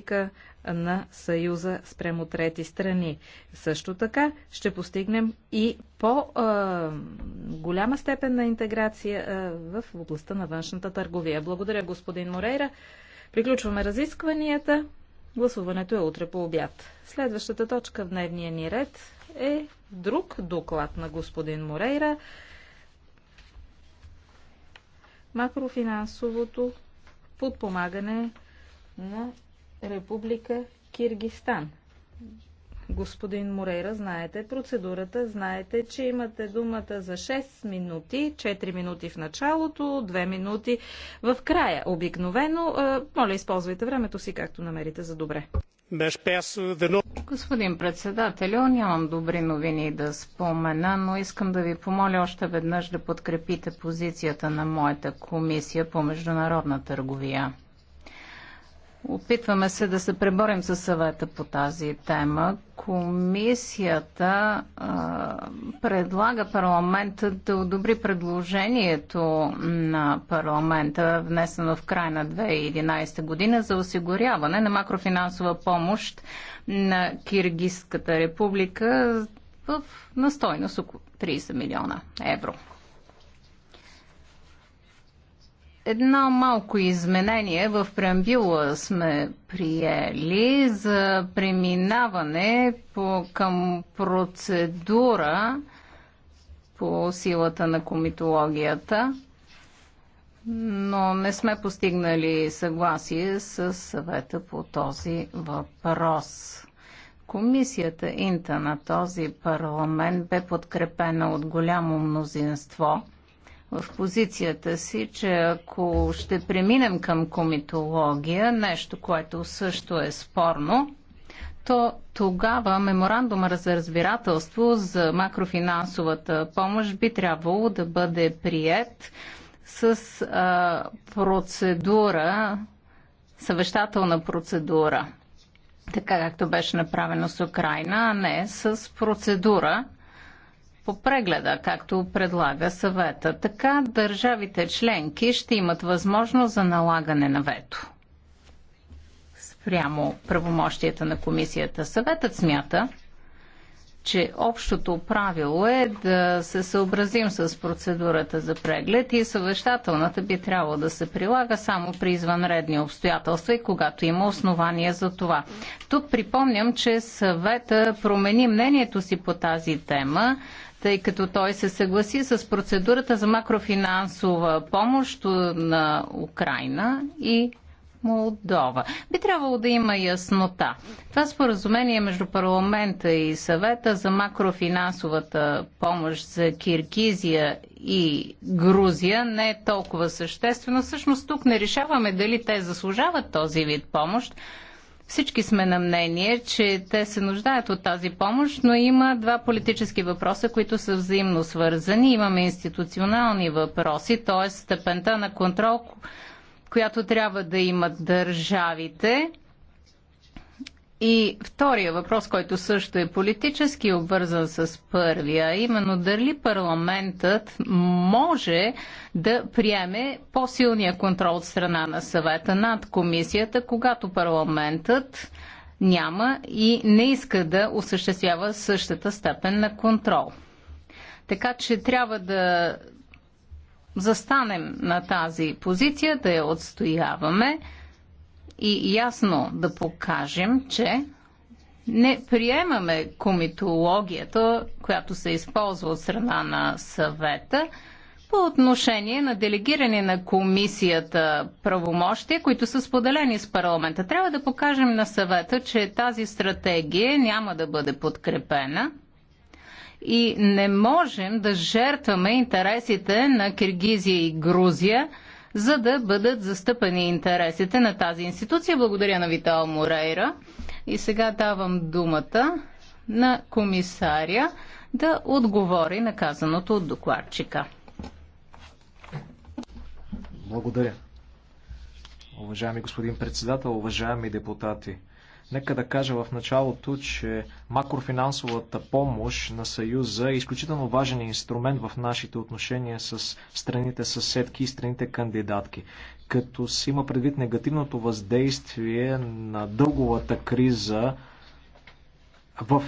характеристика на Съюза спрямо трети страни. Също така ще постигнем и по-голяма степен на интеграция в областта на външната търговия. Благодаря, господин Морейра. Приключваме разискванията. Гласуването е утре по обяд. Следващата точка в дневния ни ред е друг доклад на господин Морейра. Макрофинансовото подпомагане на Република Киргистан. Господин Морейра, знаете процедурата, знаете, че имате думата за 6 минути, 4 минути в началото, 2 минути в края. Обикновено, моля, използвайте времето си както намерите за добре. Господин председател, нямам добри новини да спомена, но искам да ви помоля още веднъж да подкрепите позицията на моята комисия по международна търговия. Опитваме се да се преборим със съвета по тази тема. Комисията а, предлага парламента да одобри предложението на парламента, внесено в край на 2011 година, за осигуряване на макрофинансова помощ на Киргизската република в настойност около 30 милиона евро. едно малко изменение в преамбюла сме приели за преминаване по, към процедура по силата на комитологията, но не сме постигнали съгласие с съвета по този въпрос. Комисията Инта на този парламент бе подкрепена от голямо мнозинство – в позицията си, че ако ще преминем към комитология, нещо, което също е спорно, то тогава меморандума за разбирателство за макрофинансовата помощ би трябвало да бъде прият с а, процедура, съвещателна процедура, така както беше направено с Украина, а не с процедура, по прегледа, както предлага съвета. Така държавите членки ще имат възможност за налагане на вето. Спрямо правомощията на комисията, съветът смята, че общото правило е да се съобразим с процедурата за преглед и съвещателната би трябвало да се прилага само при извънредни обстоятелства и когато има основания за това. Тук припомням, че съвета промени мнението си по тази тема тъй като той се съгласи с процедурата за макрофинансова помощ на Украина и Молдова. Би трябвало да има яснота. Това споразумение между парламента и съвета за макрофинансовата помощ за Киргизия и Грузия не е толкова съществено. Всъщност тук не решаваме дали те заслужават този вид помощ, всички сме на мнение, че те се нуждаят от тази помощ, но има два политически въпроса, които са взаимно свързани. Имаме институционални въпроси, т.е. степента на контрол, която трябва да имат държавите и втория въпрос, който също е политически обвързан с първия, именно дали парламентът може да приеме по-силния контрол от страна на съвета над комисията, когато парламентът няма и не иска да осъществява същата степен на контрол. Така че трябва да застанем на тази позиция, да я отстояваме и ясно да покажем, че не приемаме комитологията, която се използва от страна на съвета по отношение на делегиране на комисията правомощия, които са споделени с парламента. Трябва да покажем на съвета, че тази стратегия няма да бъде подкрепена и не можем да жертваме интересите на Киргизия и Грузия – за да бъдат застъпани интересите на тази институция. Благодаря на Витал Морейра. И сега давам думата на комисаря да отговори на казаното от докладчика. Благодаря. Уважаеми господин председател, уважаеми депутати, Нека да кажа в началото, че макрофинансовата помощ на Съюза е изключително важен инструмент в нашите отношения с страните съседки и страните кандидатки. Като се има предвид негативното въздействие на дълговата криза в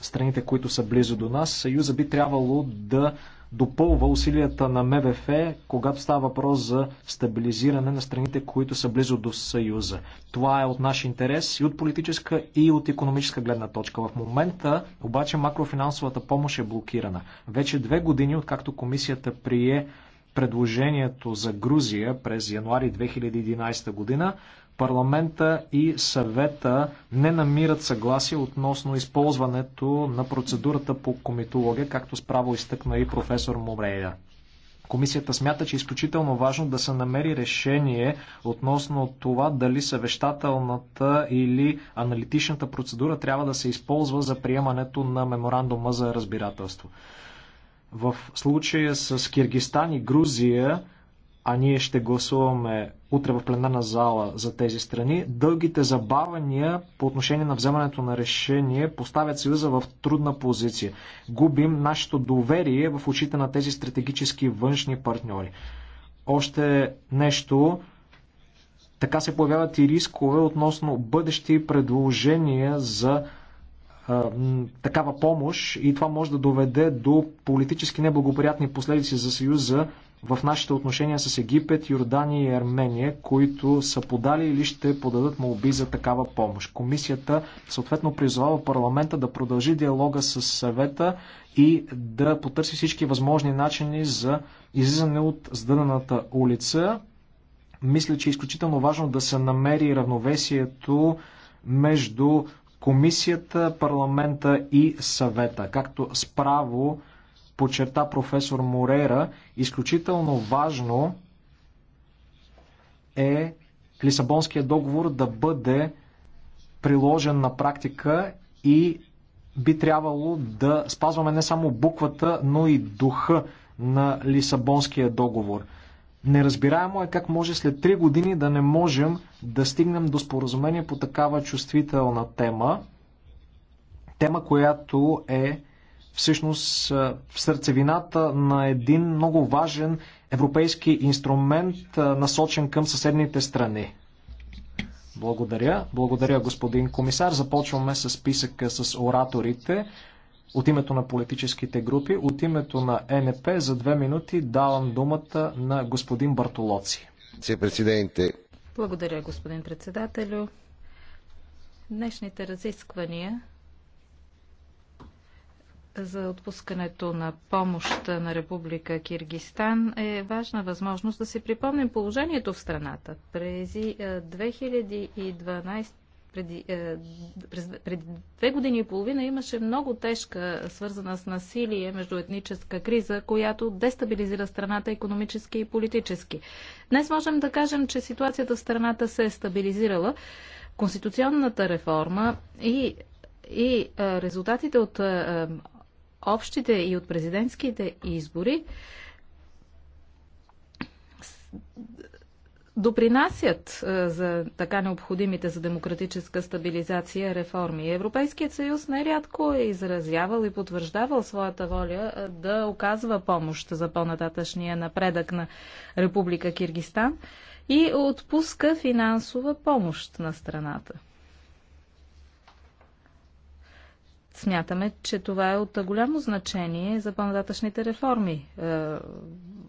страните, които са близо до нас, Съюза би трябвало да допълва усилията на МВФ, когато става въпрос за стабилизиране на страните, които са близо до Съюза. Това е от наш интерес и от политическа и от економическа гледна точка. В момента обаче макрофинансовата помощ е блокирана. Вече две години, откакто комисията прие предложението за Грузия през януари 2011 година, парламента и съвета не намират съгласие относно използването на процедурата по комитология, както справо изтъкна и професор Мобрейда. Комисията смята, че е изключително важно да се намери решение относно това дали съвещателната или аналитичната процедура трябва да се използва за приемането на меморандума за разбирателство. В случая с Киргистан и Грузия а ние ще гласуваме утре в пленарна зала за тези страни, дългите забавания по отношение на вземането на решение поставят Съюза в трудна позиция. Губим нашето доверие в очите на тези стратегически външни партньори. Още нещо, така се появяват и рискове относно бъдещи предложения за такава помощ и това може да доведе до политически неблагоприятни последици за Съюза в нашите отношения с Египет, Йордания и Армения, които са подали или ще подадат молби за такава помощ. Комисията съответно призвава парламента да продължи диалога с съвета и да потърси всички възможни начини за излизане от сдънаната улица. Мисля, че е изключително важно да се намери равновесието между комисията, парламента и съвета, както справо подчерта професор Морера изключително важно е Лисабонския договор да бъде приложен на практика и би трябвало да спазваме не само буквата, но и духа на Лисабонския договор. Неразбираемо е как може след 3 години да не можем да стигнем до споразумение по такава чувствителна тема. Тема, която е всъщност в сърцевината на един много важен европейски инструмент, насочен към съседните страни. Благодаря. Благодаря, господин комисар. Започваме с списъка с ораторите от името на политическите групи. От името на НП за две минути давам думата на господин Бартолоци. Благодаря, господин председателю. Днешните разисквания за отпускането на помощ на Република Киргистан е важна възможност да си припомним положението в страната. През 2012 е, преди, е, през, преди две години и половина имаше много тежка, свързана с насилие, между етническа криза, която дестабилизира страната економически и политически. Днес можем да кажем, че ситуацията в страната се е стабилизирала. Конституционната реформа и и е, резултатите от общите и от президентските избори допринасят е, за така необходимите за демократическа стабилизация реформи. Европейският съюз нерядко е изразявал и потвърждавал своята воля е, да оказва помощ за по-нататъчния напредък на Република Киргистан и отпуска финансова помощ на страната. Смятаме, че това е от голямо значение за по-нататъчните реформи е, в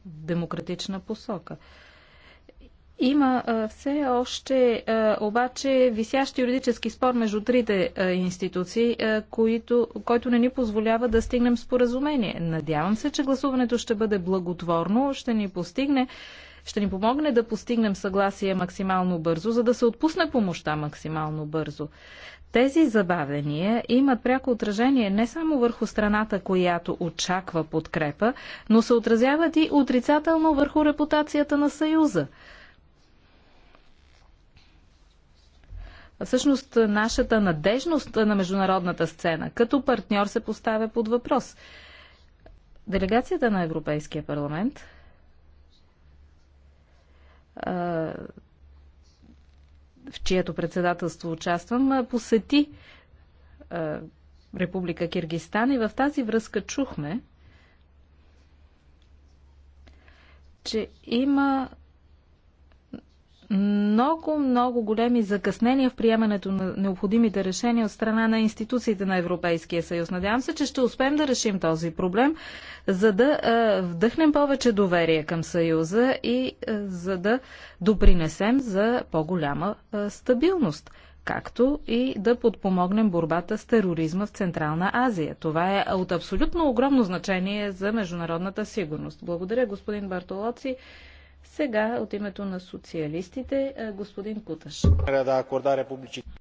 демократична посока. Има е, все още е, обаче висящ юридически спор между трите е, институции, е, които, който не ни позволява да стигнем споразумение. Надявам се, че гласуването ще бъде благотворно, ще ни постигне ще ни помогне да постигнем съгласие максимално бързо, за да се отпусне помощта максимално бързо. Тези забавения имат пряко отражение не само върху страната, която очаква подкрепа, но се отразяват и отрицателно върху репутацията на Съюза. Всъщност, нашата надежност на международната сцена като партньор се поставя под въпрос. Делегацията на Европейския парламент в чието председателство участвам, посети Република Киргистан и в тази връзка чухме, че има много, много големи закъснения в приемането на необходимите решения от страна на институциите на Европейския съюз. Надявам се, че ще успеем да решим този проблем, за да е, вдъхнем повече доверие към съюза и е, за да допринесем за по-голяма е, стабилност както и да подпомогнем борбата с тероризма в Централна Азия. Това е от абсолютно огромно значение за международната сигурност. Благодаря, господин Бартолоци. Сега от името на социалистите е, господин Куташ.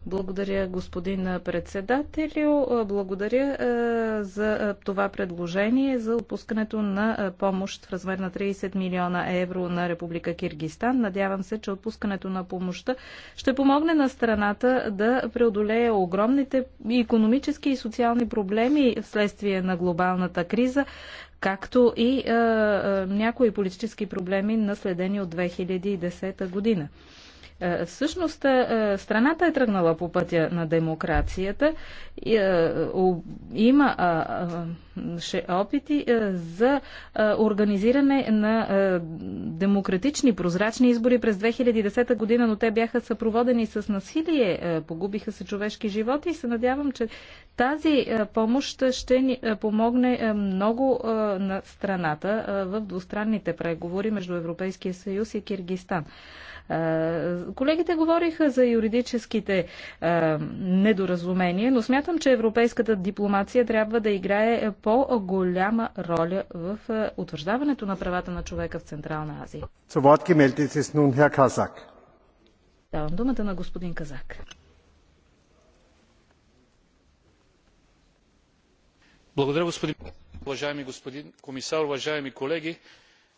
Благодаря господин председателю. Е, благодаря е, за това предложение за отпускането на помощ в размер на 30 милиона евро на Република Киргистан. Надявам се, че отпускането на помощта ще помогне на страната да преодолее огромните економически и социални проблеми вследствие на глобалната криза, както и е, е, някои политически проблеми, наследени от 2010 година. Е, всъщност е, е, страната е тръгнала по пътя на демокрацията. Има опити за организиране на демократични, прозрачни избори през 2010 година, но те бяха съпроводени с насилие, погубиха се човешки животи и се надявам, че тази помощ ще ни помогне много на страната в двустранните преговори между Европейския съюз и Киргистан. Колегите говориха за юридическите недоразумения, но смятам, че европейската дипломация трябва да играе по-голяма роля в утвърждаването на правата на човека в Централна Азия. Давам думата на господин Казак. Благодаря, господин. Уважаеми господин комисар, уважаеми колеги,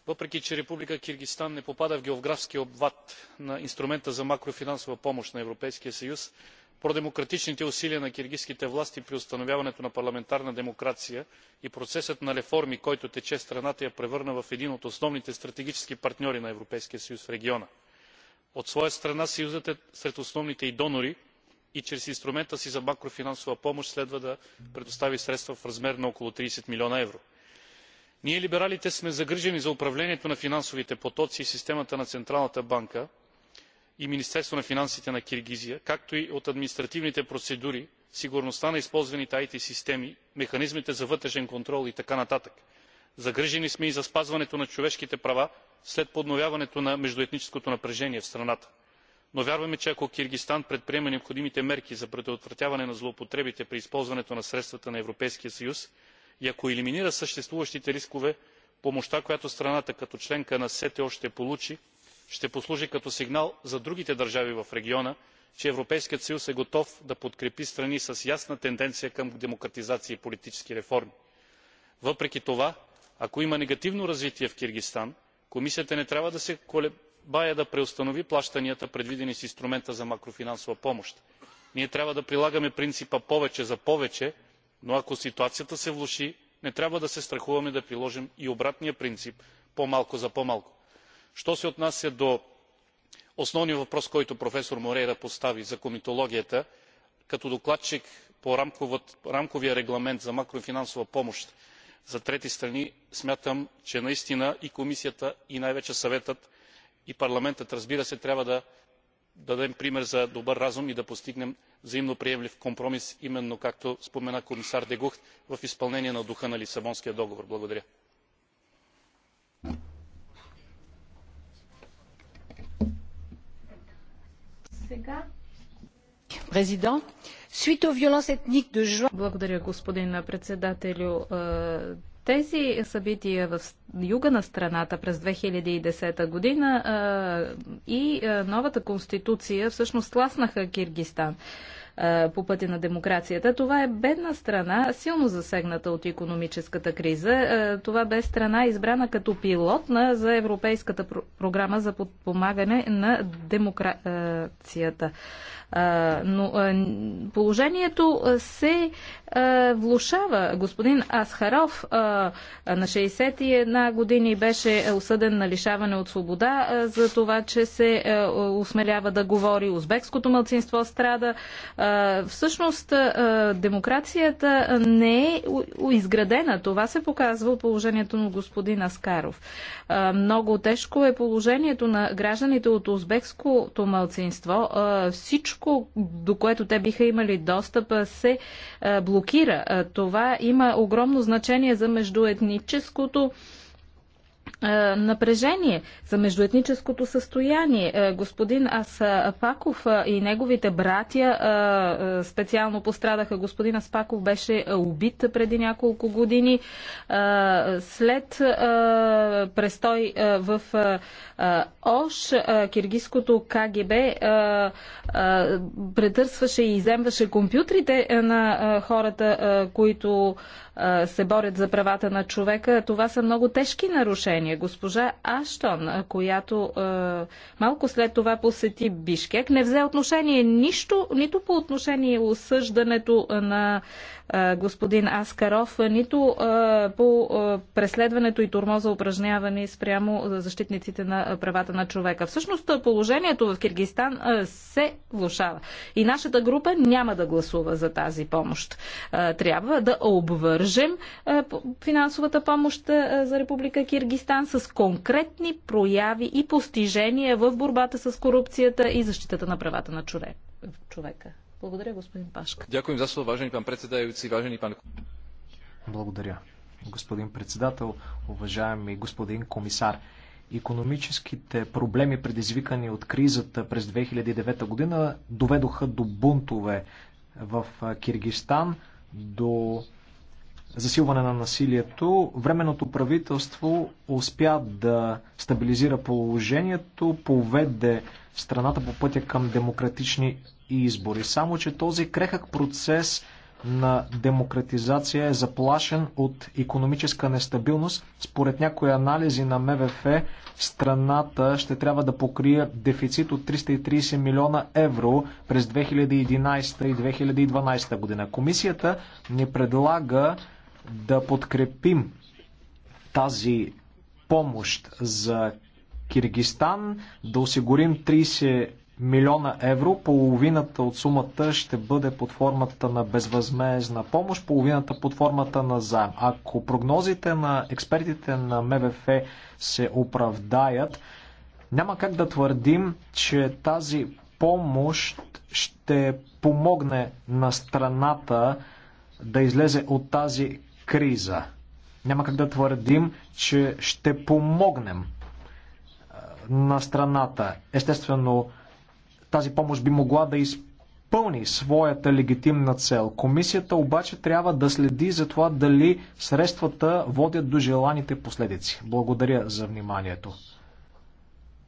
въпреки че република киргизстан не попада в географския обхват на инструмента за макрофинансова помощ на европейския съюз продемократичните усилия на киргизските власти при установяването на парламентарна демокрация и процесът на реформи който тече в страната я превърна в един от основните стратегически партньори на европейския съюз в региона. от своя страна съюзът е сред основните й донори и чрез инструмента си за макрофинансова помощ следва да предостави средства в размер на около тридесет милиона евро ние либералите сме загрижени за управлението на финансовите потоци и системата на централната банка и министерството на финансите на киргизия както и от административните процедури сигурността на използваните it системи механизмите за вътрешен контрол и така нататък. загрижени сме и за спазването на човешките права след подновяването на междуетническото напрежение в страната но вярваме че ако киргизстан предприеме необходимите мерки за предотвратяване на злоупотребите при използването на средствата на европейския съюз и ако елиминира съществуващите рискове помощта която страната като членка на сто ще получи ще послужи като сигнал за другите държави в региона че европейският съюз е готов да подкрепи страни с ясна тенденция към демократизация и политически реформи. въпреки това ако има негативно развитие в киргизстан комисията не трябва да се колебае да преустанови плащанията предвидени с инструмента за макрофинансова помощ. ние трябва да прилагаме принципа повече за повече но ако ситуацията се влоши не трябва да се страхуваме да приложим и обратния принцип по малко за по малко. що се отнася до основния въпрос който професор морейра постави за комитологията като докладчик по рамковия регламент за макрофинансова помощ за трети страни смятам че наистина и комисията и най вече съветът и парламентът разбира се трябва да дадем пример за добър разум и да постигнем взаимно приемлив компромис именно както спомена комисар де гухт в изпълнение на духа на лисабонския договор. благодаря. Благодаря, господин председателю. Тези събития в юга на страната през 2010 година и новата конституция всъщност сласнаха Киргистан по пътя на демокрацията. Това е бедна страна, силно засегната от економическата криза. Това бе страна избрана като пилот за Европейската програма за подпомагане на демокрацията. Но положението се влушава. Господин Асхаров на 61 години беше осъден на лишаване от свобода за това, че се осмелява да говори. Узбекското мълцинство страда Всъщност, демокрацията не е изградена. Това се показва от положението на господин Аскаров. Много тежко е положението на гражданите от узбекското мълцинство. Всичко, до което те биха имали достъп, се блокира. Това има огромно значение за междуетническото е, напрежение за междуетническото състояние. Е, господин Аспаков е, и неговите братя специално пострадаха. Господин Аспаков беше убит преди няколко години след престой в ОШ. Киргизското КГБ претърсваше и иземваше компютрите на хората, които се борят за правата на човека. Това са много тежки нарушения изказвания. Госпожа Аштон, която е, малко след това посети Бишкек, не взе отношение нищо, нито по отношение осъждането на е, господин Аскаров, нито е, по е, преследването и турмоза упражняване спрямо защитниците на правата на човека. Всъщност положението в Киргистан е, се влушава. И нашата група няма да гласува за тази помощ. Е, трябва да обвържем е, финансовата помощ за Република Киргистан съчетан с конкретни прояви и постижения в борбата с корупцията и защитата на правата на човека. Благодаря, господин Пашка. Дякуем за слово, важен пан председаючи, важен пан... Благодаря, господин председател, уважаеми господин комисар. Економическите проблеми, предизвикани от кризата през 2009 година, доведоха до бунтове в Киргистан, до засилване на насилието, временното правителство успя да стабилизира положението, поведе страната по пътя към демократични избори. Само, че този крехък процес на демократизация е заплашен от економическа нестабилност. Според някои анализи на МВФ, страната ще трябва да покрие дефицит от 330 милиона евро през 2011 и 2012 година. Комисията ни предлага да подкрепим тази помощ за Киргистан, да осигурим 30 милиона евро. Половината от сумата ще бъде под формата на безвъзмезна помощ, половината под формата на заем. Ако прогнозите на експертите на МВФ се оправдаят, няма как да твърдим, че тази помощ ще помогне на страната да излезе от тази криза. Няма как да твърдим, че ще помогнем на страната. Естествено, тази помощ би могла да изпълни своята легитимна цел. Комисията обаче трябва да следи за това дали средствата водят до желаните последици. Благодаря за вниманието.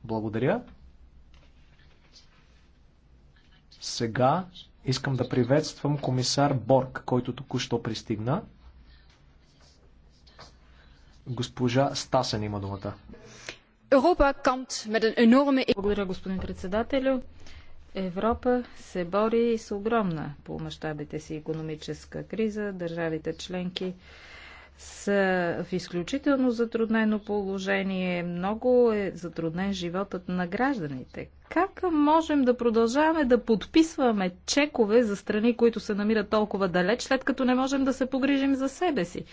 Благодаря. Сега искам да приветствам комисар Борг, който току-що пристигна. Госпожа Стасен има думата. Европа Благодаря, господин председателю. Европа се бори с огромна по мащабите си економическа криза. Държавите членки са в изключително затруднено положение. Много е затруднен животът на гражданите. Как можем да продължаваме да подписваме чекове за страни, които се намират толкова далеч, след като не можем да се погрижим за себе си?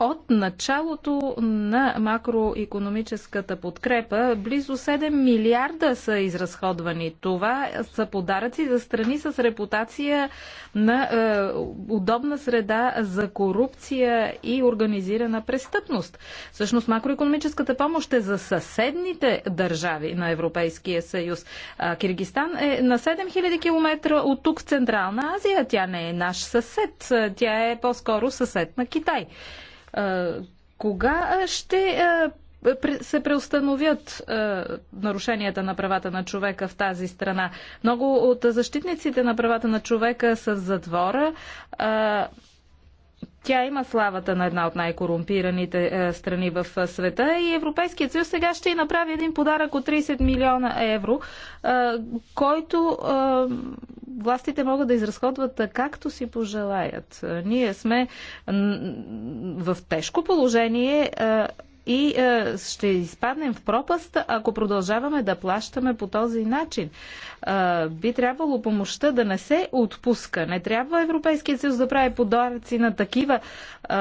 от началото на макроекономическата подкрепа близо 7 милиарда са изразходвани. Това са подаръци за страни с репутация на е, удобна среда за корупция и организирана престъпност. Всъщност макроекономическата помощ е за съседните държави на Европейския съюз. Киргистан е на 7000 км от тук в Централна Азия. Тя не е наш съсед. Тя е по-скоро съсед на Китай. Кога ще се преустановят нарушенията на правата на човека в тази страна. Много от защитниците на правата на човека са в затвора. Тя има славата на една от най-корумпираните е, страни в е, света и Европейският съюз сега ще й направи един подарък от 30 милиона евро, е, който властите могат да изразходват както си пожелаят. Ние сме в тежко положение и е, ще изпаднем в пропаст, ако продължаваме да плащаме по този начин. Е, би трябвало помощта да не се отпуска. Не трябва Европейския съюз да прави подаръци на такива е,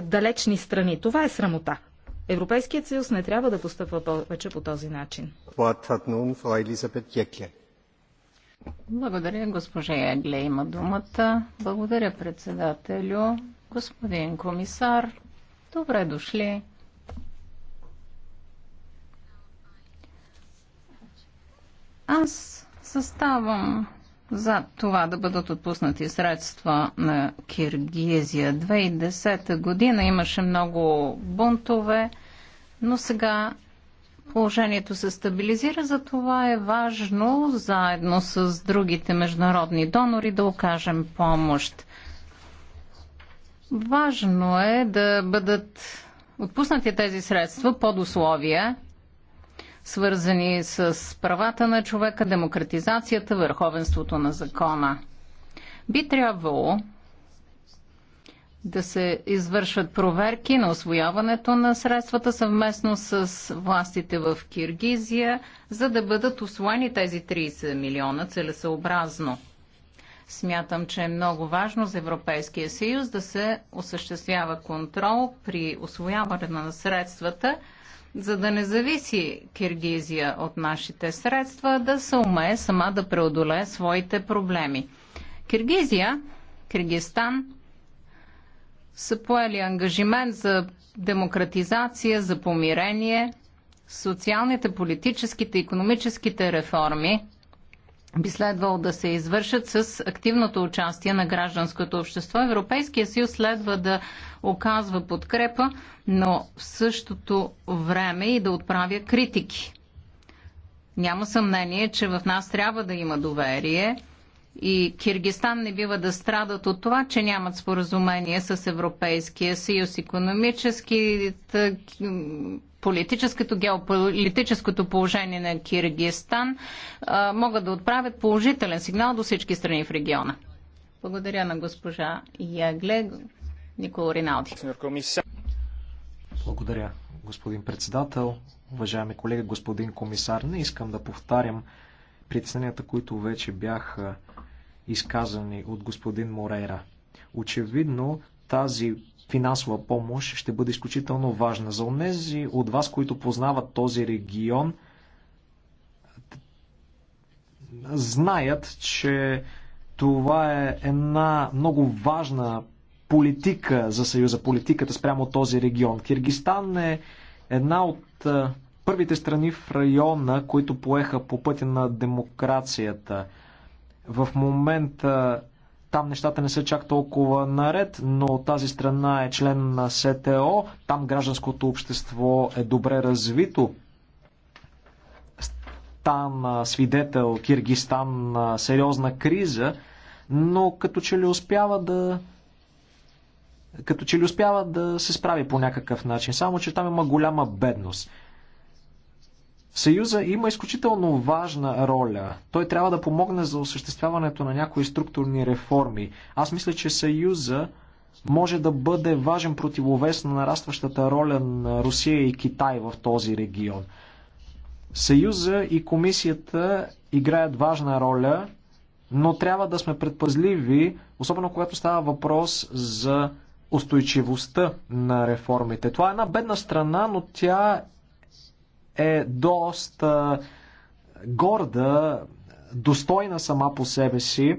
далечни страни. Това е срамота. Европейският съюз не трябва да постъпва повече по този начин. Благодаря, госпожа Ягле. Има думата. Благодаря, председателю. Господин комисар, добре дошли. Аз съставам за това да бъдат отпуснати средства на Киргизия. 2010 година имаше много бунтове, но сега положението се стабилизира, за това е важно заедно с другите международни донори да окажем помощ. Важно е да бъдат отпуснати тези средства под условия, свързани с правата на човека, демократизацията, върховенството на закона. Би трябвало да се извършват проверки на освояването на средствата съвместно с властите в Киргизия, за да бъдат освоени тези 30 милиона целесъобразно. Смятам, че е много важно за Европейския съюз да се осъществява контрол при освояване на средствата – за да не зависи Киргизия от нашите средства, да се умее сама да преодолее своите проблеми. Киргизия, Киргизстан са поели ангажимент за демократизация, за помирение, социалните, политическите, економическите реформи би следвало да се извършат с активното участие на гражданското общество. Европейския съюз следва да оказва подкрепа, но в същото време и да отправя критики. Няма съмнение, че в нас трябва да има доверие и Киргистан не бива да страдат от това, че нямат споразумение с Европейския съюз. Економическите политическото, геополитическото положение на Киргизстан могат да отправят положителен сигнал до всички страни в региона. Благодаря на госпожа Ягле Никола Риналди. Благодаря, господин председател. Уважаеми колеги, господин комисар, не искам да повтарям притесненията, които вече бяха изказани от господин Морейра. Очевидно тази финансова помощ ще бъде изключително важна. За онези от вас, които познават този регион, знаят, че това е една много важна политика за Съюза, политиката спрямо този регион. Киргистан е една от първите страни в района, които поеха по пътя на демокрацията. В момента там нещата не са чак толкова наред, но тази страна е член на СТО. Там гражданското общество е добре развито. Там свидетел Киргистан на сериозна криза, но като че ли успява да като че ли успява да се справи по някакъв начин. Само, че там има голяма бедност. Съюза има изключително важна роля. Той трябва да помогне за осъществяването на някои структурни реформи. Аз мисля, че Съюза може да бъде важен противовес на нарастващата роля на Русия и Китай в този регион. Съюза и комисията играят важна роля, но трябва да сме предпазливи, особено когато става въпрос за устойчивостта на реформите. Това е една бедна страна, но тя е доста горда, достойна сама по себе си.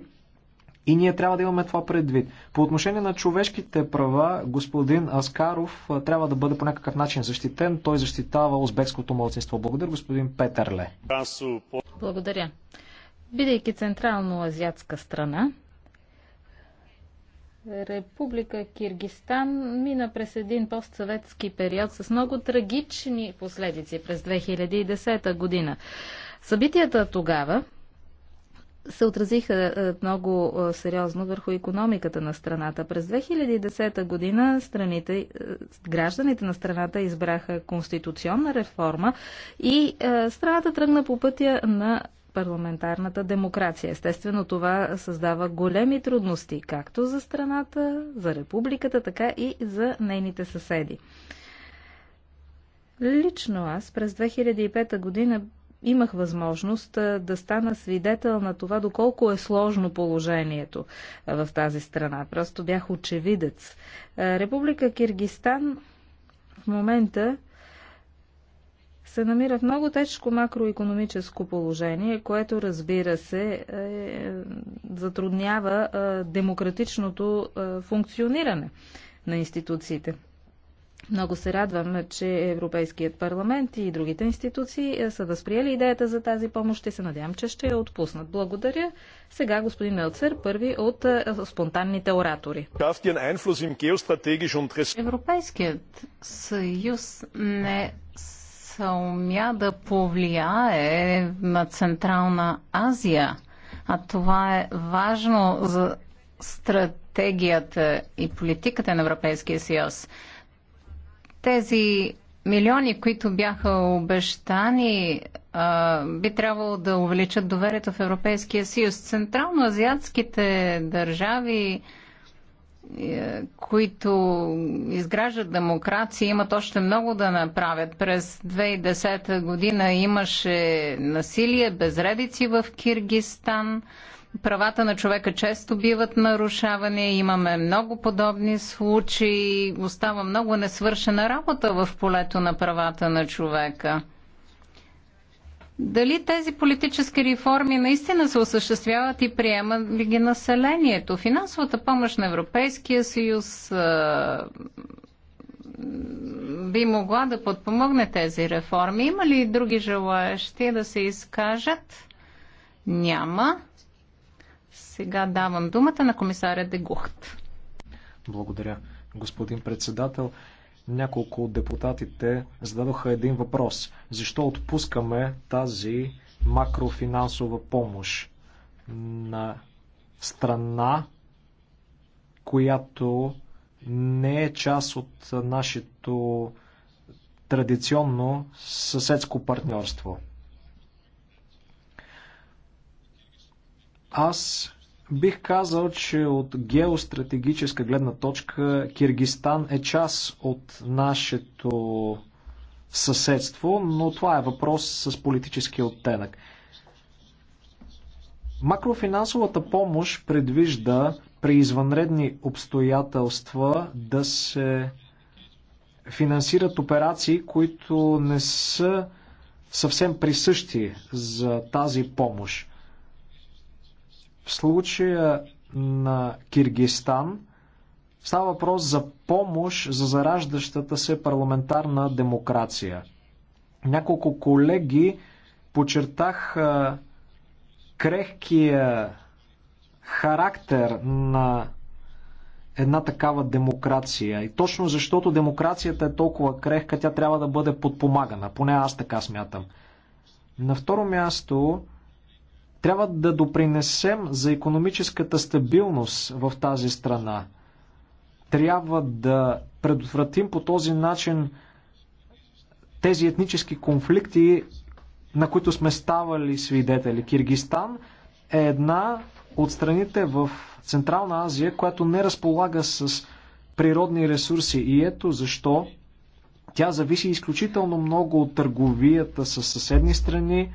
И ние трябва да имаме това предвид. По отношение на човешките права, господин Аскаров трябва да бъде по някакъв начин защитен. Той защитава узбекското младсинство. Благодаря, господин Петърле. Благодаря. Бидейки централно азиатска страна, Република Киргистан мина през един постсъветски период с много трагични последици през 2010 година. Събитията тогава се отразиха е, много е, сериозно върху економиката на страната. През 2010 година страните, е, гражданите на страната избраха конституционна реформа и страната тръгна по пътя на парламентарната демокрация. Естествено, това създава големи трудности, както за страната, за републиката, така и за нейните съседи. Лично аз през 2005 година имах възможност да стана свидетел на това, доколко е сложно положението в тази страна. Просто бях очевидец. Република Киргистан в момента се намира в много тежко макроекономическо положение, което разбира се е, затруднява е, демократичното е, функциониране на институциите. Много се радвам, че Европейският парламент и другите институции е, са възприели идеята за тази помощ и се надявам, че ще я отпуснат. Благодаря. Сега господин Мелцер, първи от е, спонтанните оратори. Европейският съюз не умя да повлияе на Централна Азия, а това е важно за стратегията и политиката на Европейския съюз. Тези милиони, които бяха обещани, би трябвало да увеличат доверието в Европейския съюз. Централноазиатските държави е, които изграждат демокрация, имат още много да направят. През 2010 година имаше насилие, безредици в Киргистан. Правата на човека често биват нарушавани, имаме много подобни случаи, остава много несвършена работа в полето на правата на човека дали тези политически реформи наистина се осъществяват и приема ли ги населението. Финансовата помощ на Европейския съюз а, би могла да подпомогне тези реформи. Има ли други желаящи да се изкажат? Няма. Сега давам думата на комисаря Дегухт. Благодаря, господин председател няколко от депутатите зададоха един въпрос. Защо отпускаме тази макрофинансова помощ на страна, която не е част от нашето традиционно съседско партньорство? Аз Бих казал, че от геостратегическа гледна точка Киргистан е част от нашето съседство, но това е въпрос с политически оттенък. Макрофинансовата помощ предвижда при извънредни обстоятелства да се финансират операции, които не са съвсем присъщи за тази помощ. В случая на Киргистан става въпрос за помощ за зараждащата се парламентарна демокрация. Няколко колеги почертах крехкия характер на една такава демокрация. И точно защото демокрацията е толкова крехка, тя трябва да бъде подпомагана. Поне аз така смятам. На второ място, трябва да допринесем за економическата стабилност в тази страна. Трябва да предотвратим по този начин тези етнически конфликти, на които сме ставали свидетели. Киргистан е една от страните в Централна Азия, която не разполага с природни ресурси. И ето защо тя зависи изключително много от търговията с съседни страни,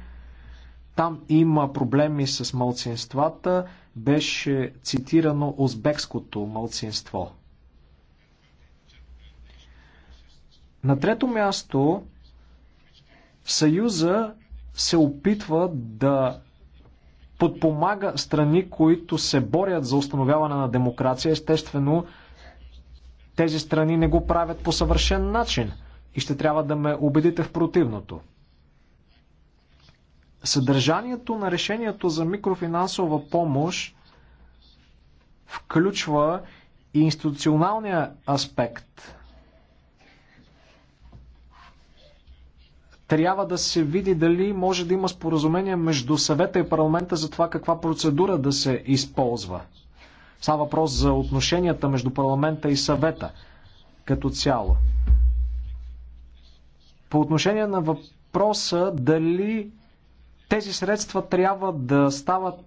там има проблеми с малцинствата. Беше цитирано узбекското малцинство. На трето място, Съюза се опитва да подпомага страни, които се борят за установяване на демокрация. Естествено, тези страни не го правят по съвършен начин и ще трябва да ме убедите в противното. Съдържанието на решението за микрофинансова помощ включва и институционалния аспект. Трябва да се види дали може да има споразумение между съвета и парламента за това каква процедура да се използва. Става въпрос за отношенията между парламента и съвета като цяло. По отношение на въпроса дали тези средства трябва да стават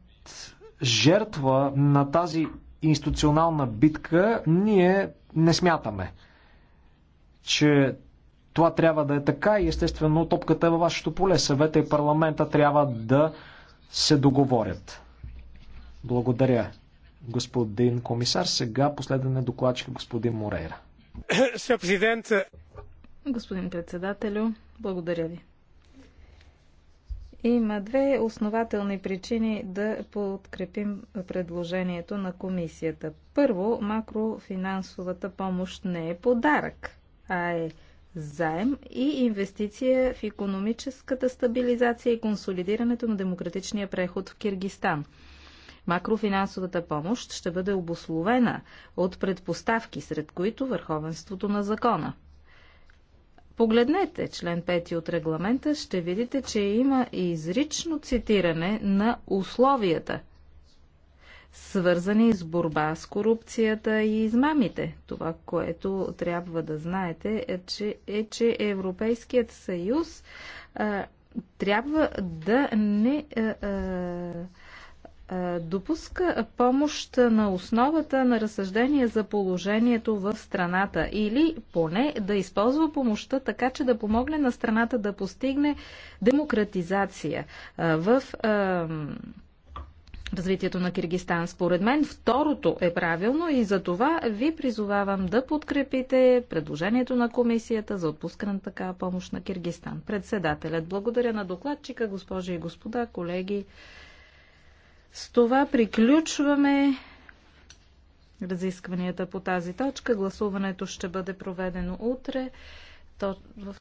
жертва на тази институционална битка. Ние не смятаме, че това трябва да е така и естествено топката е във вашето поле. Съвета и парламента трябва да се договорят. Благодаря, господин комисар. Сега последен е докладчик господин Морейра. Господин председателю, благодаря ви. Има две основателни причини да подкрепим предложението на комисията. Първо, макрофинансовата помощ не е подарък, а е заем и инвестиция в економическата стабилизация и консолидирането на демократичния преход в Киргистан. Макрофинансовата помощ ще бъде обословена от предпоставки, сред които върховенството на закона. Погледнете член 5 от регламента, ще видите, че има и изрично цитиране на условията, свързани с борба с корупцията и измамите. Това, което трябва да знаете, е, че, е, че Европейският съюз а, трябва да не. А, а, е, допуска помощ на основата на разсъждение за положението в страната или поне да използва помощта така, че да помогне на страната да постигне демократизация е, в е, развитието на Киргистан. Според мен второто е правилно и за това ви призовавам да подкрепите предложението на комисията за отпускане на такава помощ на Киргистан. Председателят, благодаря на докладчика, госпожи и господа, колеги. С това приключваме разискванията по тази точка. Гласуването ще бъде проведено утре. То в